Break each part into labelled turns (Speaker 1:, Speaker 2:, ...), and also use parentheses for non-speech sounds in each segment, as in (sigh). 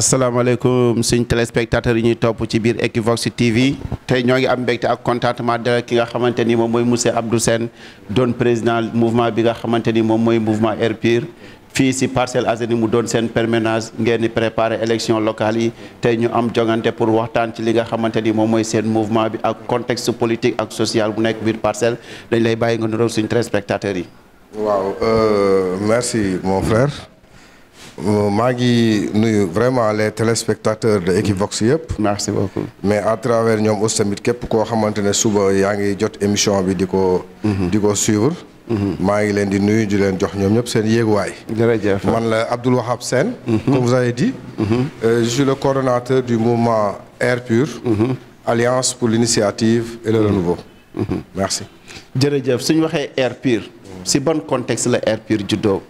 Speaker 1: asalaamaaleykum suñ téléspectateurs yi ñuy topp ci biir Equivox TV tey ñoo ngi am mbégte ak contentement de ki nga xamante ni moom mooy monsieur Abdou seen doon président mouvement bi nga xamante ni moom mooy mouvement Air Pur fii si Parcelles Assainies mu doon seen permanence ngeen di préparer élection locale yi tey ñu am jongante pour waxtaan ci li nga xamante ni moom mooy seen mouvement bi ak contexte politique ak social bu nekk biir parcelle dañ lay bàyyi nga nuroog suñ téléspectateurs yi
Speaker 2: waaw euh, merci mon Euh, maa ngi nuyu vraiment les téléspectateurs de Equivox yëpp. merci beaucoup mais à travers ñoom aussi tamit képp koo xamante ne suba yaa ngi jot émission bi di ko. Mhm. di ko suivre. Mhm. maa ngi leen di nuyu di leen jox ñoom ñëpp seen yéeguwaay. jërëjëf man la Abdoul Wahab Sène. Mhm. comme vous avez euh, le coordonnateur du mouvement Air Pur. alliance pour l'initiative et le renouveau.
Speaker 1: jërëjëf suñu waxee Air
Speaker 2: si bon contexte la Air Pur juddoo.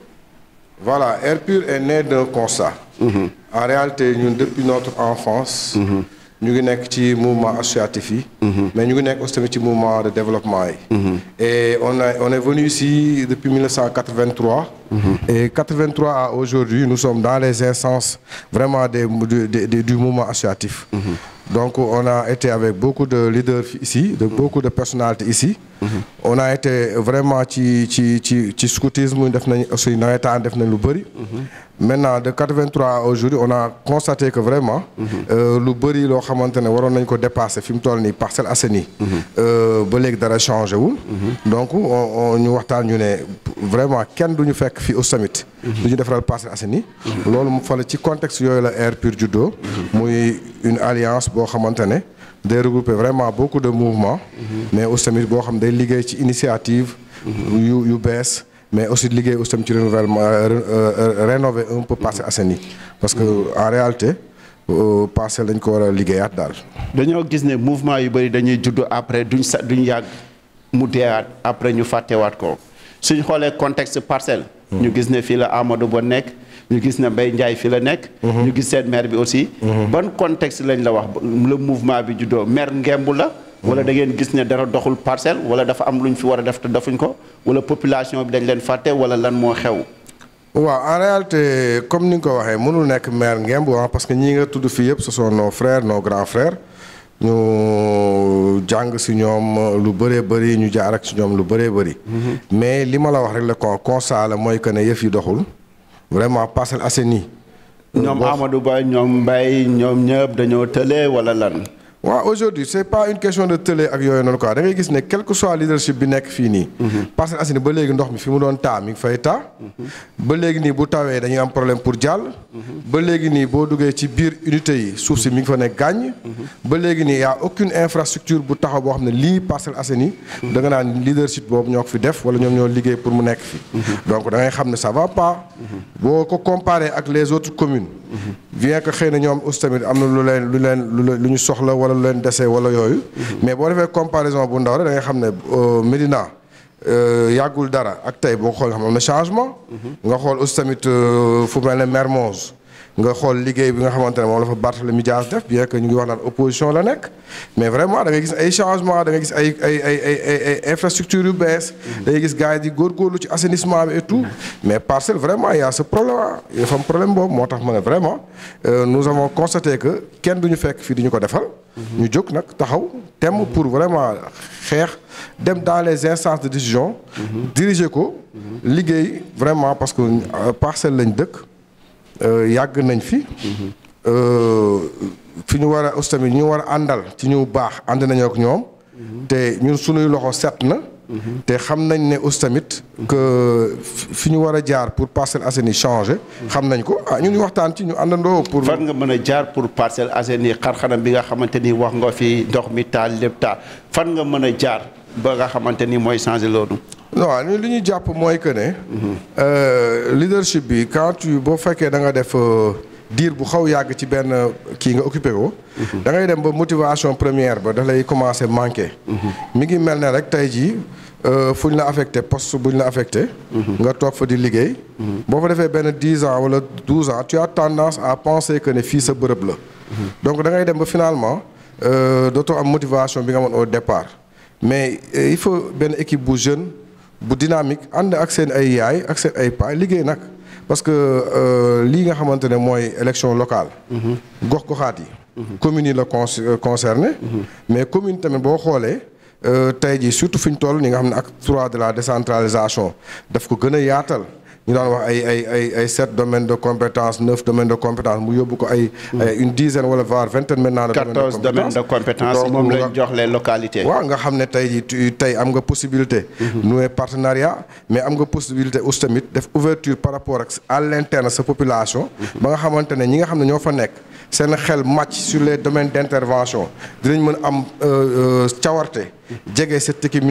Speaker 2: Voilà, Air Pur est né d'un constat. Mhm. En réalité, depuis notre enfance, mmh. ñu ngi nekk ci mouvement associatif yi. Mhm. mais ñu ngi nekk aussi tamit ci mouvement de développement mhm. et on est on est venu ici depuis 1983. et 83 à aujourd'hui nous sommes dans les instances vraiment des du du mouvement associatif. donc on a été avec beaucoup de leaders ici de beaucoup de personnalités ici. on a été vraiment ci ci ci ci scoutisme def nañ aussi nawetaan def nañ lu bëri. maintenant de 83 aujourd'hui on a constaté que vraiment. Euh, lu bëri loo xamante ne waroon nañ ko dépasser fi mu toll nii Parcelles Assainies. Euh, ba léegi dara changé wu donc on ñu waxtaan ñu ne vraiment kenn du ñu fekk fii au summit. du ñu defaral Parcelles Assainies. loolu mu fale ci contexte yooyu la air pur judo. muy une alliance boo xamante ne. day regrouper vraiment beaucoup de mouvements. Mhm. mais aussi tamit boo xam day liggéey ci initiative. Mhm. yu yu bees. mais aussi liggéey aussi tamit ci renouvellement euh, euh, euh, rénover un peu Parcelles Assainies parce que mhm. en réalité. parcelle dañ ko war a liggéeyaat daal.
Speaker 1: dañoo gis ne mouvement yu bëri dañuy judd après duñ sa duñ yàgg mu deewaat après ñu fàttewaat ko suñ xoolee contexte parcelle ñu gis ne fii la Amadou Ba nekk. ñu gis na Mbaye Ndiaye fi la nekk. Mhm. ñu gis seen maire bi aussi. Mhm. ban contexte lañ la wax le mouvement bi juddoo maire ngembu la. wala mhm. da ngeen gis ne dara doxul parcelle wala dafa am lu ñu fi war a def te defuñ ko wala population bi dañ leen fàtte wala lan moo xew.
Speaker 2: waaw en réalité comme ni nga ko waxee mënul nekk maire ngemb wax ah, parce que ñii nga tudd fii yëpp ce sont nos noo nos grands frères ñu jàng si ñoom lu bëree bëri ñu jaar ak si ñoom lu bëree bëri. mais li ma la vraiment Parcelles Assainies.
Speaker 1: ñoom Amadou Ba ñoom Mbaye ñoom ñëpp dañoo tële wala lan. waaw aujourd'hui c'est pas une question de télé ak yooyu noonu quoi da ngay gis ne
Speaker 2: quel que soit leadership bi nekk fii nii. Mhm. parce que asini ba léegi ndox mi fi mu doon taa mi ngi fay taa. Mhm. ba léegi nii bu tawee dañuy am problème pour jàll. Mhm. ba léegi nii boo duggee ci biir unité yi suuf si mi ngi fa nekk gàññ. ba léegi nii y a aucune infrastructure bu taxaw boo xam ne lii Parcelles Assainies yi. da nga naan leadership boobu ñoo ko fi def wala ñoom ñoo liggéey pour mu nekk fi. donc da ngay xam ne ça va boo ko comparé ak les autres communes. bien que xëy na ñoom aussi tamit am na lu leen lu leen lu ñu soxla wala lu leen dese wala yooyu. mais boo defee comparaison bu ndaw rek da nga xam ne euh, Medina euh, yàggul dara ak tey boo xool nga xam am changement. Mhm. nga xool aussi tamit euh, fu mel ne Mermoz nga xool liggéey bi nga xamante ne moom la fa Barthélemy Dias def bien que ñu ngi wax naan opposition la nekk mais vraiment da ngay gis ay changement da gis ay ay infrastructure yu bees. Mm-hmm. da gis gars yi di góorgóorlu ci assainissement bi et tout. Mm-hmm. mais parcelle vraiment y a ce problème ah dafa am problème boobu moo tax ma ne vraiment euh, nous avons constaté que kenn du ñu fekk fii du ñu ko defal. Mm-hmm. ñu jóg nag taxaw temm pour vraiment xeex dem dans les instances de décision. diriger ko. liggéey vraiment parce que euh, parcelle lañ dëkk. Euh, yàgg nañ fi. Mm-hmm. Euh, fi ñu war a aussi tamit ñu war a àndal ci ñu baax ànd nañook ñoom. Mm-hmm. te ñun suñuy loxo set na. Mm-hmm. te xam nañ ne aussi tamit. que fi ñu war a jaar pour Parcelles Assainies changer. xam nañ ko ah, ñu ñun waxtaan ci ñu àndandoo. pour fan
Speaker 1: nga mën a jaar pour Parcelles Assainies xar-xaram bi nga xamante ni wax nga fi ndox mi taal lépp taal fan nga mën a jaar ba nga xamante ni mooy changer loolu.
Speaker 2: non li ñu jàpp mooy que ne. Euh, leadership bi quand tu boo fekkee da nga def euh, diir bu xaw yàgg ci benn euh, kii nga occupé ko. Mhm. da ngay dem ba motivation première ba da lay commencé manqué. Mhm. mi ngi mel ne rek tey jii fu ñu la affecté post bu ñu la affecté. Mhm. nga toog fa di liggéey. boo fa defee benn dix ans wala douze ans tu tendance à penser fii sa bërëb la. donc da dem ba finalement dootoo am motivation bi nga amoon au départ mais il faut benn équipe bu jeune. bu dynamique ànd ak seen ay yaay ak seen ay paa liggéey nag parce que euh, lii nga xamante ne mooy élection locale. Mm-hmm. gox goxaat yi. Mm-hmm. communes yi la con euh, concerné. Mm-hmm. mais commune tamit boo xoolee. Euh, tey jii surtout fi ñu toll ni nga xam ne ak droit de la décentralisation daf ko gën a yaatal. ñu daan wax ay ay ay ay sept domaines de compétence neuf domaines de compétence mu yóbbu ko ay. Hmm. une dizaine wala voire vingtaine maintenant. de quatorze domaines de compétence moom lañ
Speaker 1: jox les localités. waaw nga
Speaker 2: xam ne tey tey am nga possibilité. Hmm. nouer partenariat mais am nga possibilité aussi tamit def ouverture par rapport ak à l'interne sa population. Hmm. ba nga xamante ne ñi nga xam ne ñoo fa nekk. seen xel màcc sur les domaines d'intervention dinañ mën am euh, euh, cawarte jege cette équipe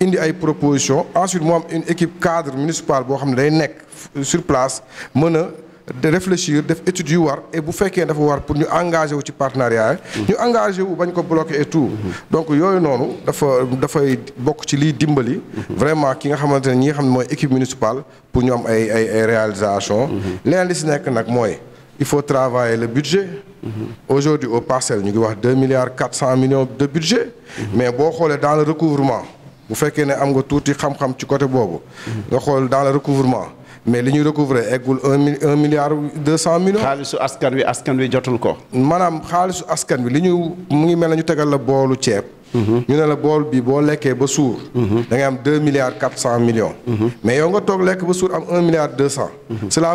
Speaker 2: indi ay proposition ensuite mu am une équipe cadre municipale boo xam ne day nekk sur place mën a de réfléchir def étude yu war et bu fekkee dafa war pour ñu engagé wu ci partenariat mm-hmm. ñu engagé wu bañ ko bloqué et tout. Mm-hmm. donc yooyu noonu dafa dafay bokk ci liy dimbali. Mm-hmm. vraiment ki nga xamante ne ñi xam ne mooy équipe municipale pour ñu am ay ay ay réalisation leneen li si nekk nag mooy il faut travailler le budget. aujourd'hui au parcelle ñu ngi wax deux milliards quatre cent millions de budget. mais boo xoolee dans le recouvrement. bu fekkee ne am nga tuuti xam-xam ci côté boobu. nga xool dans recouvrement. mais li ñuy recouvrer eggul un mil deux cent millions.
Speaker 1: xaalisu askan wi askan wi jotul ko.
Speaker 2: maanaam xaalisu askan wi li ñu mu ngi mel na ñu tegal la boolu ceeb. ñu ne la bool bi boo lekkee ba suur. da ngay am deux milliards quatre cent millions. mais yow nga toog lekk ba suur am un milliard deux cent. cela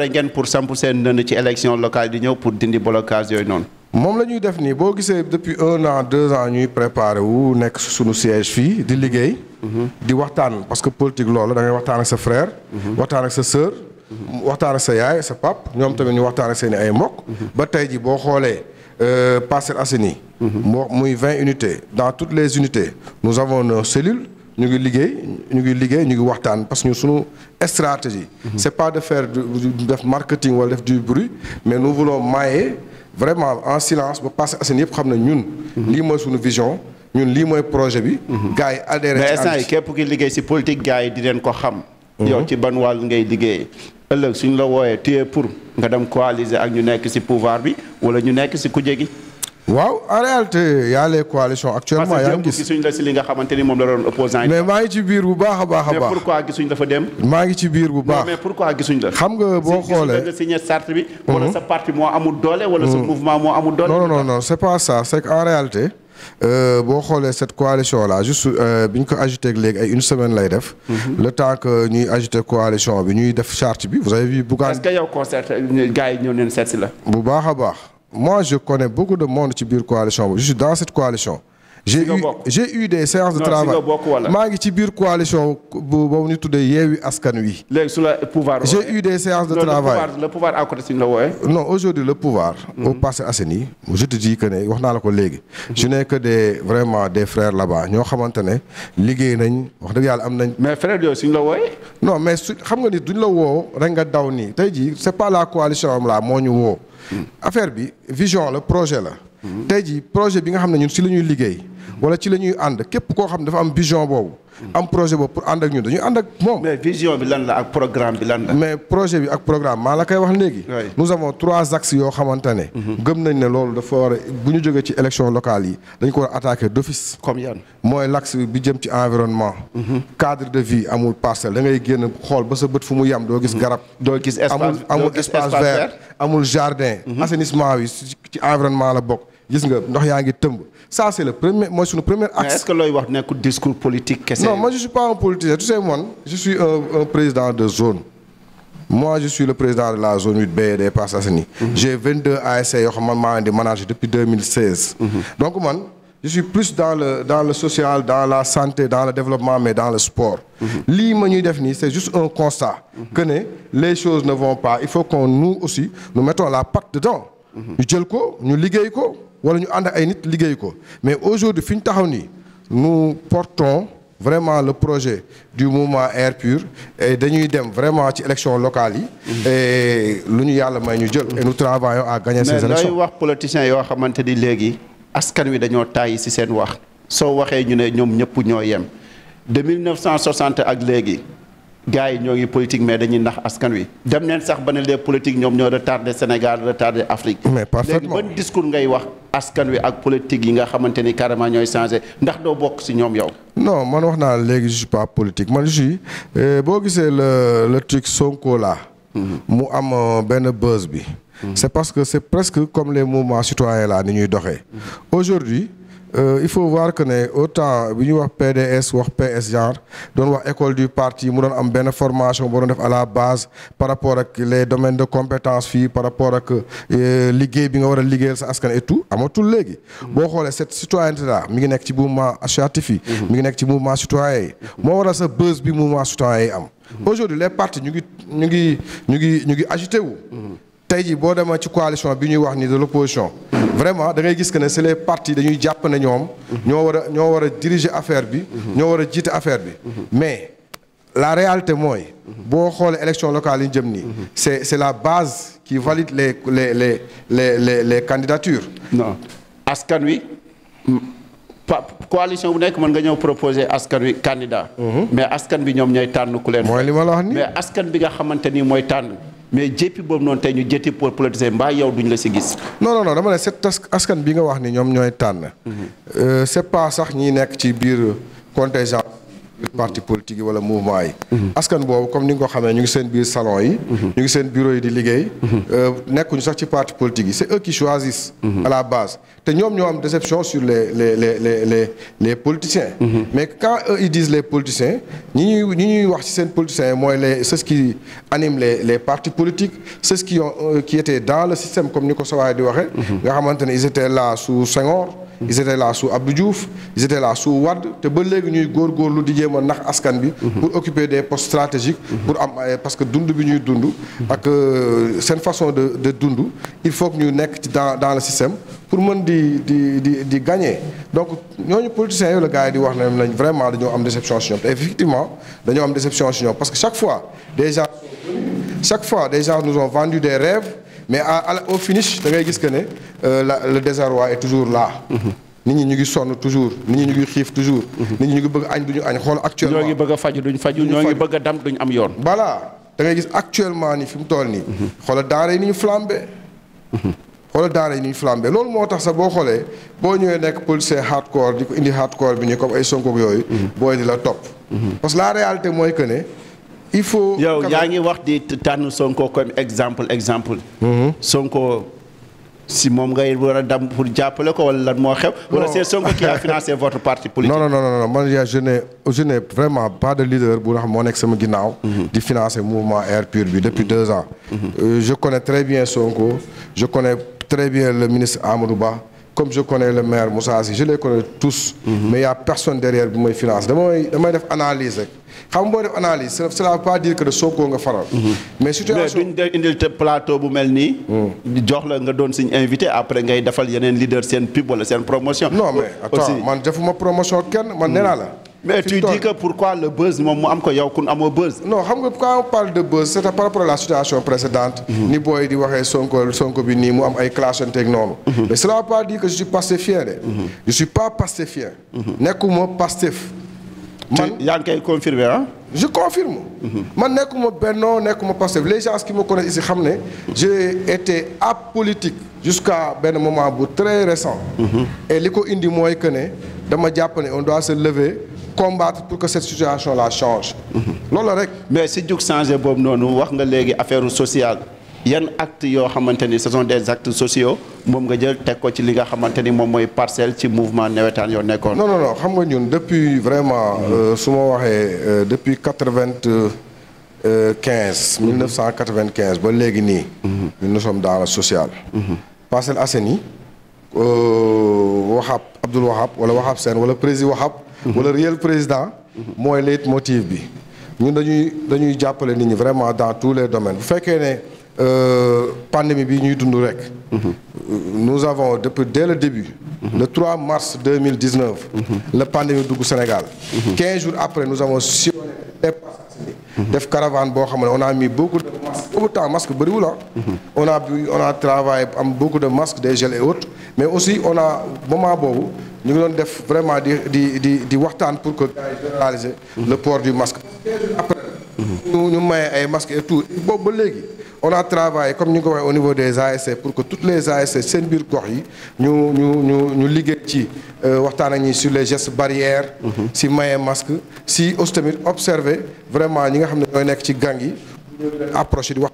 Speaker 1: euh, pour samp seen nënd ci élection locale di ñëw pour dindi
Speaker 2: moom la ñuy def nii boo gisee depuis un an deux ans ñuy préparé wu nekk suñu siège fii di liggéey. di waxtaan parce que politique loolu da ngay waxtaan ak sa frère. Mhm. waxtaan ak sa sœur. waxtaan ak sa yaay sa pap ñoom tamit ñu waxtaan ak seen ay mbokk ba tey ji boo xoolee euh, Parcelles Assainies moo muy vingt unités dans toutes les unités nous avons nos cellules ñu ngi liggéey ñu ngi liggéey ñu ngi waxtaan parce que ñu sunu stratégie c'est pas de faire def marketing wala def du bruit mais nous voulons mailler vraiment en silence ba Parcelles Assainies yëpp xam ne ñun lii mooy sunu vision ñun lii mooy projet bi mhm. gars yi
Speaker 1: adhéré mais képp ki liggéey si politique gars yi di leen ko xam yow ci ban wàll ngay liggéey ëllëg suñ la wooyee téye pour nga dem coaliser ak ñu nekk si pouvoir bi wala ñu nekk si ku gi.
Speaker 2: waaw en réalité y a les coalitions actuellement yaa
Speaker 1: ngi gis ni moom la doon opposant mais
Speaker 2: maa ngi ci biir bu baax a baax a baax mais
Speaker 1: pourquoi gisuñ la fa dem
Speaker 2: maa ngi ci biir bu baax mais
Speaker 1: pourquoi gisuñ xam nga boo xoolee nga signé bi wala sa parti moo amul doole wala sa mouvement moo amul
Speaker 2: doole non non non c'est pas ça c'est qu'en réalité Euh, boo xoolee cette coalition là juste euh, bi ñu ko agité ak léegi ay une semaine lay def. Mhm. le temps que ñuy agité coalition bi ñuy def charte bi vous avez vu. Bougane est-ce
Speaker 1: que yow concerté euh, gars yi neen seet la. bu baax a baax
Speaker 2: moi je connais beaucoup de monde ci biir coalition bi je dans cette coalition. j'ai eu j'ai eu des séances de travail maa ngi ci biir coalition bu boobu ñu tuddee yeewi askan wi. léegi
Speaker 1: su la pouvoir. j'ai eu des séances de travail le pouvoir à côté la wooyee.
Speaker 2: non aujourd'hui le pouvoir. Mhm. au ne wax naa la ko léegi. Mhm. je n'ai que de vraiment de frères la bas ñoo xamante ne liggéey nañ wax dëgg yàlla am nañ. mais frères yooyu suñ la wooyee. non mais su xam nga ni duñ la woo rek nga daw nii tey jii c'est pas la coalition am la moo ñu woo. Mhm. affaire bi vision la projet la. tey jii projet bi nga xam ne ñun si lañuy liggéey wala ci la ñuy ànd képp koo xam ne dafa am vision boobu am projet boobu pour ànd ak ñun dañuy ànd ak moom. mais vision bi ak
Speaker 1: programme bi lan
Speaker 2: mais projet bi ak programme maa la koy wax léegi. nous avons trois axes yoo xamante ne. Mhm. gëm nañ ne loolu dafa war a bu ñu jógee ci élection locale yi dañ ko war a attaquer d'office. comme mooy l'axe bi jëm ci environnement. Mhm. cadre de vie amul parcelle da ngay génn xool ba sa bët fu mu yam doo gis mhm. garab. doo gis espace amul espace vert amul jardin. assainissement bi ci environnement la bokk gis nga ndox yaa ngi tëmb. ça c' est le premier mooy suñu premier axe.
Speaker 1: de
Speaker 2: zone. moi je le président de la zone 8B des Parcelles Assainies. Mhm. j'ai 22 ASC yoo xam mhm. dans le dans le social dans la santé dans le développement mais dans le sport. Mhm. lii ma ñuy def nii c' est un constat. Mm -hmm. que ne les choses ne vont pas il faut qu'on nous aussi nous mettons la ko ñu liggéey ko. wala ñu ànd ay nit liggéey ko mais aujourd'hui fi ñu taxaw nii nous portons vraiment le projet du mouvement Air Pur dañuy dem vraiment ci élections locale yi. Mm-hmm. et lu ñu yàlla may ñu jël. nu nous travaillons à gagner ces élections mais looy
Speaker 1: wax politiciens yoo xamante ni léegi askan wi dañoo tàyyi ci seen wax. soo waxee ñu ne ñoom ñëpp ñoo yem de 1960 ak léegi. gars yi ñoo ngi politique mais dañuy nax askan wi. dem neen sax ba ne les politiques ñoom ñoo retardé Sénégal retardé Afrique. mais parfaitement léegi ngay wax askan wi ak politique yi nga xamante ni carrément ñooy changé ndax doo bokk si ñoom yow.
Speaker 2: non man wax naa léegi je suis pas politique man je euh, boo gisee le le truc Sonko la mhm. mu am euh, benn buzz bi. Mhm. c'est parce que c'est presque comme les mouvements citoyens la ni ñuy doxee. Mhm. aujourd'hui Euh, il faut voir que ne autant bi ñuy wax PDS wax PS genre doon wax école du parti mu doon am benn formation boo doon def à la base par rapport ak les domaines de compétence fii par rapport ak euh, liggéey bi nga war a liggéeyal sa askan et tout amatul léegi. Mm. boo xoolee cette citoyenneté là mi ngi nekk ci mouvement associatif yi. Mm-hmm. mi ngi nekk ci mouvement citoyen yi. Mm-hmm. moo waral sa buzz bi mouvement citoyen yi am. Mm-hmm. aujourd'hui les partis ñu ngi ñu ngi ñu ngi ñu ngi agité wu. tey jii boo demee ci coalition bi ñuy wax ni de l'opposition vraiment da ngay gis que ne c'est les partis dañuy jàpp ne ñoom ñoo war a ñoo war a diriger affaire bi ñoo war a jiite affaire bi mais la réalité mooy boo xoolee élection locale yi ñu jëm nii c'est c'est la base qui valide les les les les les
Speaker 1: les candidatures askan wi coalition bu nekk mën nga ñëw proposer askan wi candidat mhm. mais askan bi ñoom ñooy tànn ku leen mooy li wax nii mais askan bi nga xamante ni mooy tànn mais jéppi boobu noonu tey ñu jëtti pour politiser mbaa yow duñ la si gis.
Speaker 2: non non non dama ne c'est askan bi nga wax ni ñoom ñooy tànn. Mm-hmm. Euh, c'est pas sax ñi nekk ci biir contingent. parti politique yi wala mouvement yi askan boobu comme ni nga ko xamee ñu ngi seen biir salon yi ñu ngi seen bureau yi di liggéey euh, nekkuñu sax ci parti politique yi c'est eux qui choisissent à la base te ñoom ñoo am déception sur les les les les les politiciens mais quand eux ils disent les politiciens ñi ñuy ñi wax ci seen politiciens yi mooy les ceux qui animent les les partis politiques ceux qui euh, qui étaient dans le système comme ni ko sawaay di waxee nga xamante ils étaient là sous Abdou Diouf ils étaient là sous Wade te ba léegi ñuy góorlu di jéem a nax askan bi mhm. pour occuper des postes stratégiques mhm. pour am eh, parce que dund bi ñuy dund mhm. ak euh, seen façon de de dund il faut que ñu nekk ci dans dans le système pour mën di di di di gagner donc ñooñu politiciens yooyu la gars di wax na nañ vraiment dañoo am déception si ñoom te effectivement dañoo am déception si ñoom parce que chaque fois des gens chaque fois des gens nous ont vendu des rêves mais à au finish da ngay gis que ne euh, le désarroi est toujours là. Mhm. nit ñi ñu ngi sonn toujours nit ñi ñu ngi xiif toujours. Mhm. nit ñi ñu ngi bëgg añ duñu añ xool actuellement. ñoo ngi
Speaker 1: bëgg a duñ faju ñoo ngi bëgg a dam duñ am yoon.
Speaker 2: voilà dangay ngay gis actuellement ni fi mu toll nii. Mhm. xool daara yi ni ñu flambé. xoolal daara yi ni ñu flambé loolu moo tax sax boo xoolee boo ñëwee nekk policier hardcore di ko indi hardcore bi ñu comme ay
Speaker 1: sonkoog yooyu. boo di la topp. parce la réalité mooy que ne. il faut yow yaa ngi wax di tànn Sonko comme exemple exemple. Mm-hmm. Sonko si moom ngay war a dem pour jàppale ko wala lan moo xew. wala c'est Sonko qui a financé votre parti (laughs) politique. non non
Speaker 2: non non man je n'ai vraiment pas de leader bu nga xam moo nekk sama ginnaaw. Mm-hmm. di financer mouvement Air Pur bi depuis deux ans. Mm-hmm. Euh, je connais très bien Sonko je connais très bien le ministre Amadou Ba. comme je connais le maire Moussa Sy je les connais tous. Mhm. mais il personne derrière bi may finance damay damay def analyse rek xam nga boo def analyse cela veut pas dire que de Sonko nga faral. Mhm.
Speaker 1: mais situation mais duñ de indil te plateau bu mel nii. Hmm. jox la nga doon suñu invité après ngay defal yeneen leader seen pub wala seen promotion. non mais attends man defuma promotion kenn man nee la. mais tu dis que pourquoi le buzz moom mu am ko yow kun amoo buzz. non xam nga quand on parle
Speaker 2: de buzz c'est par rapport à la situation précédente. Mhm. ni booy di waxee sonko sonko bi nii mu am ay clashanteeg noonu. Mhm. mais cela veut pas dire que je suis pastefien de. Mhm. je suis pas pastefien. nekkuma pastef. man nekkuma Benno nekkuma Pastef les gens qui me connaissent ici xam ne. j'ai été apolitique. jusqu'à benn moment bu très récent. et li ko indi mooy que ne dama jàpp ne on doit se lever. combattre pour que cette situation là change.
Speaker 1: Mhm. loolu rek. mais si jug changé boobu noonu wax nga léegi affaire sociale yan acte yoo xamante ni ce des actes sociaux moom nga jël teg ko ci li nga xamante ni moom mooy parcelle ci mouvement nawetaan yoo nekkoon. non no non xam nga ñun
Speaker 2: depuis vraiment. Mhm. Euh, su ma waxee euh, depuis quatre vingt quinze. Mhm. mille neuf cent quatre quinze ba léegi nii. ñun nous sommes dans la sociale. Parcelles Assainies. Euh, Wahab Abdoul Wahab wala Wahab Sène wala président Wahab. Mhm. wala réel président mooy leitmotiv bi ñun dañuy dañuy jàppale nit ñi vraiment dans tous les domaines bu fekkee ne euh, pandémie bi ñuy dund rek mhm. nous avons depuis dès le début mhm. le 3 mars 2019 la pandémie dugg Sénégal 15 jours après nous avons sillonné def caravane boo xam ne on a mis beaucoup de masques boobu temps masque bëriwul ah. on a bu am beaucoup de masques des gels et autres mais aussi on a moment boobu ñu ngi doon def vraiment di di di di waxtaan pour que gars yi généraliser mhm. le port du masque après mhm. ñu ñu maye ay masques et tout boobu ba léegi on a travaillé comme ñu ngi ko waxee au niveau des ASC pour que toutes les ASC seen biir gox yi ñu ñu ñu ñu liggéey ci euh, waxtaan ak ñi sur les gestes barrières mhm. si maye masque si aussi tamit observer vraiment ñi nga xam ne ñooy nekk ci gang yi approché di wax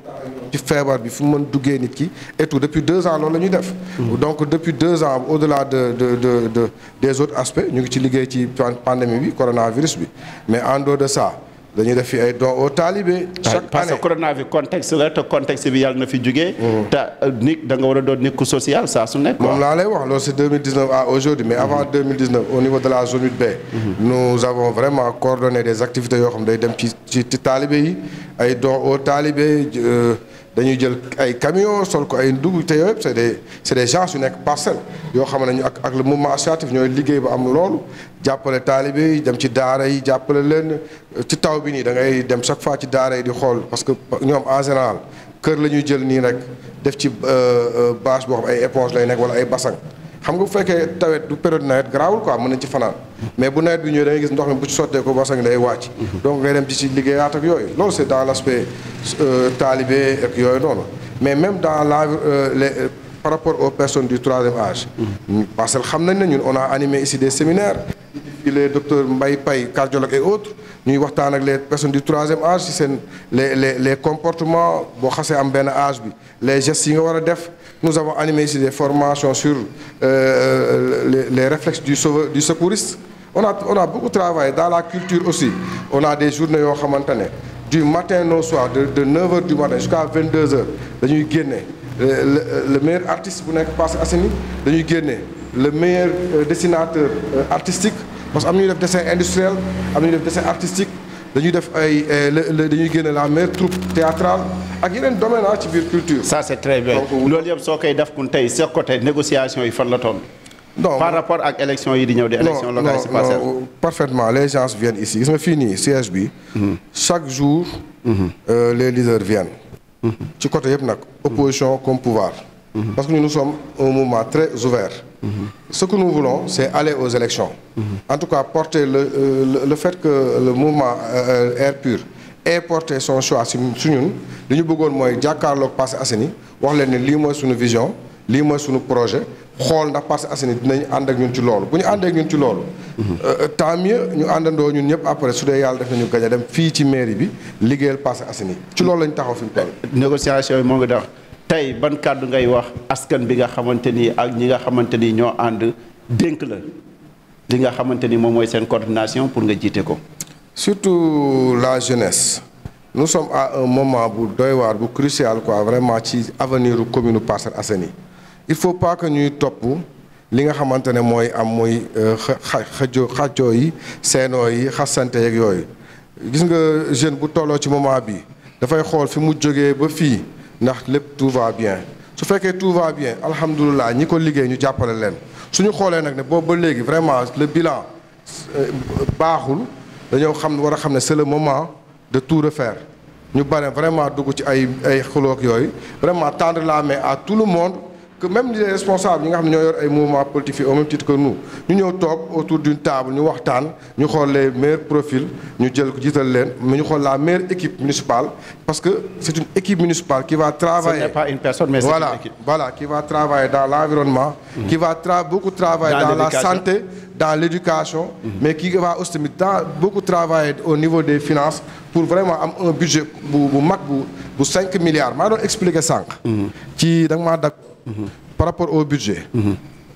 Speaker 2: ci feebar bi fu mu mën duggee nit ki et depuis deux ans loolu la ñuy def. Mm-hmm. donc depuis deux ans au delà de de de de des autres aspects ñu ngi ci liggéey ci pandémie bi coronavirus bi mais en dehors de ça. dañuy def fi ay don au talibé.
Speaker 1: chaque année parce bi contexte la te contexte bi yàlla na fi jugee. Mm-hmm. te euh, nit da nga war a doon nit social saa su nekk. moom
Speaker 2: laa lay wax loolu c'est 2019 à aujourd'hui mais avant 2019 mm-hmm. au niveau de la zone 8B. Mm-hmm. nous avons vraiment coordonné des activités yoo xam day dem ci ci talibé yi ay don au talibé. Euh, dañuy jël ay camion sol ko ay ndugg te yooyu yëpp c'est des c'est des gens yu nekk parcelle yoo xam ne ñu ak ak le mouvement associatif ñooy liggéey ba am loolu jàppale taalibe yi dem ci daara yi jàppale leen ci taw bi nii da ngay dem chaque fois ci daara yi di xool parce que ñoom en général kër la ñuy jël nii rek def ci euh, euh, bâche boo xam ay éponge lay nekk wala ay basang xam nga bu fekkee tawet du période nawet garaawul quoi mën nañ ci fanaan mais bu nawet bi ñëwee da gis ndox mi bu ci sottee ko basang day wàcc donc si dem ci ci liggéeyaat ak yooyu loolu c'est dans l'aspect euh, talibé ak yooyu noonu mais même dans la euh, les euh, par rapport aux personnes du troisième âge parce que xam nañ na ñun on a animé ici des séminaires i les docteurs Mbaye Paye cardiologue et autres ñuy waxtaan ak les personnes du troisième âge si seen les les les comportements boo xasee am benn âge bi les gestes yi nga war a def Nous avons animé ici des formations sur euh, euh, les, les, réflexes du, sauve, du secouriste. On a, on beaucoup travaillé dans la culture aussi. On a des journées yoo xamante ne du matin au soir de de 9h du matin jusqu'à 22 dañuy génne le le meilleur artiste bu nekk Parcelles Assainies dañuy génne le meilleur euh, dessinateur artistique parce que am na ñuy def dessin industriel am na def dessin artistique dañuy def ay dañuy génne la meilleure troupe
Speaker 1: théâtrale ak yeneen domaine ah culture. ça c'est soo koy def kun tey sa côté négociation yi fan par rapport ak élection yi di ñëw di. élection locale si passée non
Speaker 2: parfaitement les gens viennent ici gis nga fii mhm. chaque jour. Mhm. Euh, les leaders viennent. Mhm. ci côté yëpp nag. opposition comme pouvoir. parce que nous, nous sommes un mouvement très ouvert. Mm -hmm. Ce que nous voulons, c'est aller aux élections. En tout cas, porter le, euh, le, le fait que le mouvement euh, Air euh, Pur importer son choix si su ñun li ñu bëggoon mooy jàkkaarloog Parcelles Assainies wax leen ne lii mooy sunu vision lii mooy suñu projet xool ndax Parcelles Assainies dinañ ànd ak ñun ci loolu bu ñu àndeek ak ñun ci loolu. Mhm. Euh, tant mieux ñu àndandoo ñun ñëpp après su dee yàlla def nañu gaja dem fii ci mairie bi liggéeyal Parcelles Assainies ci
Speaker 1: loolu lañ taxaw fi mu toll. négociation yi moo ngi dox tey ban kàddu ngay wax askan bi nga xamante ni ak ñi nga xamante ni ñoo ànd dénk la li nga xamante ni moom mooy seen coordination pour nga jiite ko.
Speaker 2: surtout la jeunesse nu sommes à un moment bu doy bu crucial quoi vraiment ci avenir commune Parcelles Assainies il faut pas que ñuy topp li nga xamante ne mooy am muy euh, xajo xajoo yi seenoo yi xasante yeeg yooyu gis nga jeune bu tolloo ci moment bi dafay xool fi mu jógee ba fii ndax lépp tout va bien su fekkee tout va bien alhamdulilah ñi ko liggéey ñu jàppale leen suñu xoolee nag ne boobu ba léegi vraiment le bilan euh, baaxul dañoo xam war a xam ne c'est le moment de tout refaire ñu bare vraiment dugg ci ay ay xoloog yooyu vraiment tendre la mais à tout le monde que même les responsables ñi nga xam ne ñoo yor ay mouvement politique fii au même titre que nous ñu ñëw toog autour d'une table ñu waxtaan ñu xool les meilleurs profil ñu jël ko jiital leen ñu xool la meilleure équipe municipale parce que c'est une équipe municipale qui va travailler ce n'est pas une personne mais c'est voilà, une équipe voilà qui va travailler dans l'environnement mm. qui va tra beaucoup travailler dans, dans la santé dans l'éducation, mhm. mais qui va aussi dans, beaucoup travailler au niveau des finances pour vraiment am un budget bu bu mag bu bu cinq milliards maa doon expliquer sànq. Mhm. ci da nga maa dag mhm. par rapport au budget.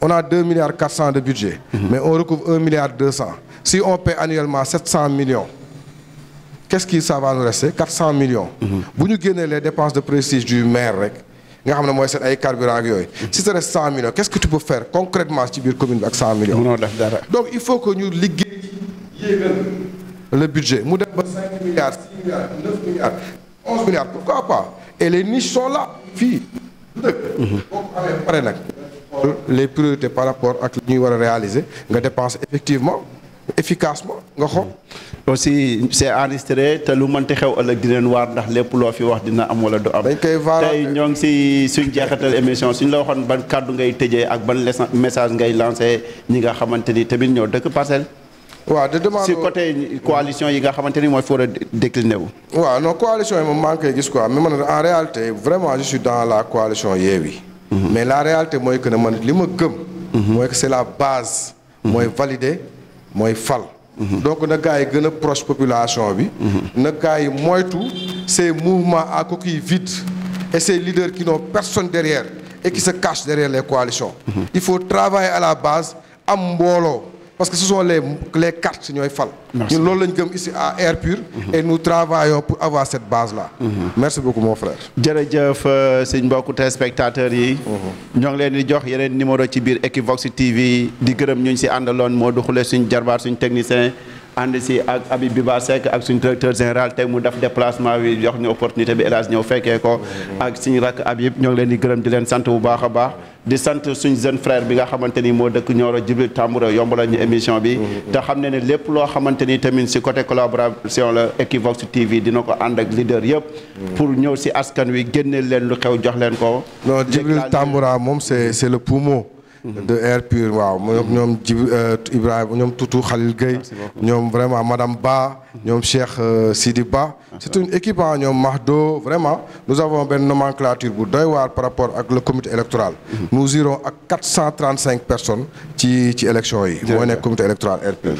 Speaker 2: on a deux milliards quatre cent de budget. mais on recouvre un deux cent. si on paie annuellement sept cent millions. qu'est-ce qui ça va nous rester cent millions. bu ñu génnee les dépenses de prestige du maire rek. nga xam ne mooy seen ay carburant ak yooyu. Mm-hmm. si ce reste 100 millions qu'est-ce que tu peux faire concrètement ci biir commune bi ak 100 millions. mënoo donc il faut que ñu liggéey le budget mu def ba 5 milliards 6 milliards pourquoi pas et les niches sont là fii. du dëkk. Mm-hmm. boo pare nag. les priorités par rapport ak li ñuy war a réaliser nga dépense effectivement. efficacement
Speaker 1: nga xool. aussi c' est enregistré te lu mënti xew ëllëg di leen waar ndax lépp loo fi wax dina am wala du am. dañ koy vaaraat tey ñoo ngi si suñ jeexatal émission suñ la waxoon ban kàddu ngay tëjee ak ban message ngay lancé ñi nga xamante ni tamit ñoo dëkk parcelle. waaw de demande côté coalition yi nga xamante ni mooy fóor a décliné wu.
Speaker 2: waaw non coalition yi moom maa koy gis ko quoi mais man en réalité vraiment je suis dans la coalition Yewwi. Mhm. mais la réalité mooy que ne man li ma gëm. Mhm. mooy que c' est la base. Mhm. mooy valider. mooy fal. donc na gars yi gën a proche population bi. na gars yi moytu ces mouvements à coquille vide et ces leaders qui n'ont personne derrière et qui se cachent derrière les coalitions. il faut travailler à la base am mbooloo. parce que ce sont les les cartes ñooy fal. ñun loolu lañ gëm ici à Air Pur. Mhm. et nous travaillons pour avoir cette base là. Mhm. merci beaucoup mon frère.
Speaker 1: jërëjëf euh, suñ mbokku téléspectateurs yi. Mhm. ñoo ngi leen di jox yeneen numéro ci biir Equivox TV di gërëm ñu si àndaloon moo du xule suñ jarbaar suñ technicien. ànd si ak Habib Biba Seck ak suñu directeur général tey mu def déplacement bi jox ñu opportunité bi hélas ñëw fekkee ko ak suñu rakk Habib ñoo ngi leen di gërëm di leen sant bu baax a baax di sant suñ jeune frère bi nga xamante ni moo dëkk Nioro Djibril Tamboura yombalal ñu émission bi te xam ne ne lépp loo xamante ni tamit si côté collaboration la Equivox TV dina ko ànd ak leader yëpp pour ñëw si askan wi génneel leen lu xew jox leen ko
Speaker 2: non Djibril Tamboura moom c'est c'est le poumon de air pur waaw mm-hmm. ñoom Djibi euh, Ibrahima ñoom Toutou Khalil Gueye ah, ñoom vraiment madame Ba mm-hmm. ñoom Cheikh euh, Sidi Ba ah, c'est une équipe ah ñoom Mahdo vraiment nous avons benn nomenclature bu doy waar par rapport ak le comité électoral mm-hmm. nous irons ak 435 personnes ci ci élection yi mooy nekk comité électoral air pur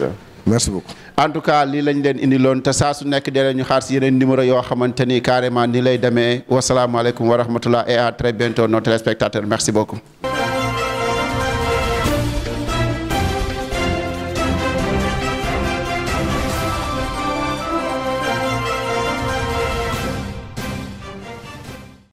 Speaker 2: merci
Speaker 1: beaucoup en tout cas lii lañ leen indi te saa su nekk dee ñu xaar si yeneen numéro yoo xamante ni carrément ni lay demee wasalaamaaleykum wa rahmatullah et à très bientôt nos téléspectateurs merci beaucoup